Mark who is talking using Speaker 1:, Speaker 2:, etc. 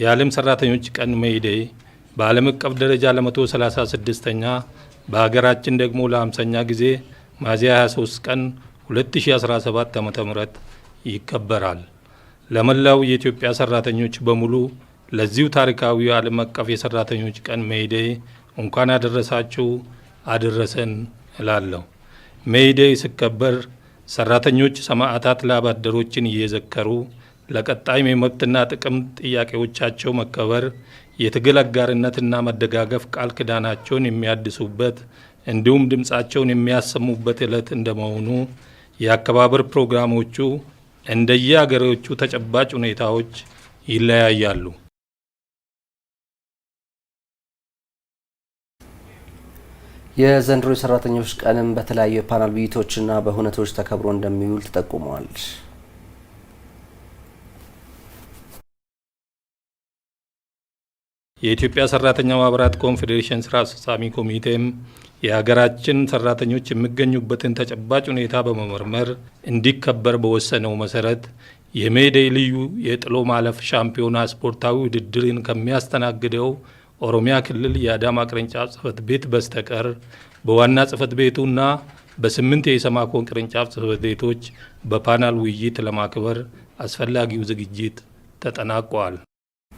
Speaker 1: የዓለም ሰራተኞች ቀን ሜይዴይ በዓለም አቀፍ ደረጃ ለ136ኛ በሀገራችን ደግሞ ለ50ኛ ጊዜ ሚያዝያ 23 ቀን 2017 ዓ ም ይከበራል። ለመላው የኢትዮጵያ ሰራተኞች በሙሉ ለዚሁ ታሪካዊ ዓለም አቀፍ የሰራተኞች ቀን ሜይዴይ እንኳን አደረሳችሁ አደረሰን እላለሁ። ሜይዴይ ሲከበር ሰራተኞች ሰማዕታት ለአባደሮችን እየዘከሩ ለቀጣይም የመብትና ጥቅም ጥያቄዎቻቸው መከበር የትግል አጋርነትና መደጋገፍ ቃል ክዳናቸውን የሚያድሱበት እንዲሁም ድምፃቸውን የሚያሰሙበት ዕለት እንደመሆኑ የአከባበር ፕሮግራሞቹ እንደየአገሮቹ ተጨባጭ ሁኔታዎች ይለያያሉ።
Speaker 2: የዘንድሮ የሰራተኞች ቀንም በተለያዩ የፓናል ውይይቶችና በሁነቶች ተከብሮ እንደሚውል ተጠቁመዋል።
Speaker 1: የኢትዮጵያ ሰራተኛ ማህበራት ኮንፌዴሬሽን ስራ አስፈጻሚ ኮሚቴም የሀገራችን ሰራተኞች የሚገኙበትን ተጨባጭ ሁኔታ በመመርመር እንዲከበር በወሰነው መሰረት የሜዴይ ልዩ የጥሎ ማለፍ ሻምፒዮና ስፖርታዊ ውድድርን ከሚያስተናግደው ኦሮሚያ ክልል የአዳማ ቅርንጫፍ ጽህፈት ቤት በስተቀር በዋና ጽህፈት ቤቱና በስምንት የኢሰማኮን ቅርንጫፍ ጽህፈት ቤቶች በፓናል ውይይት ለማክበር አስፈላጊው ዝግጅት ተጠናቋል።